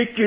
ikki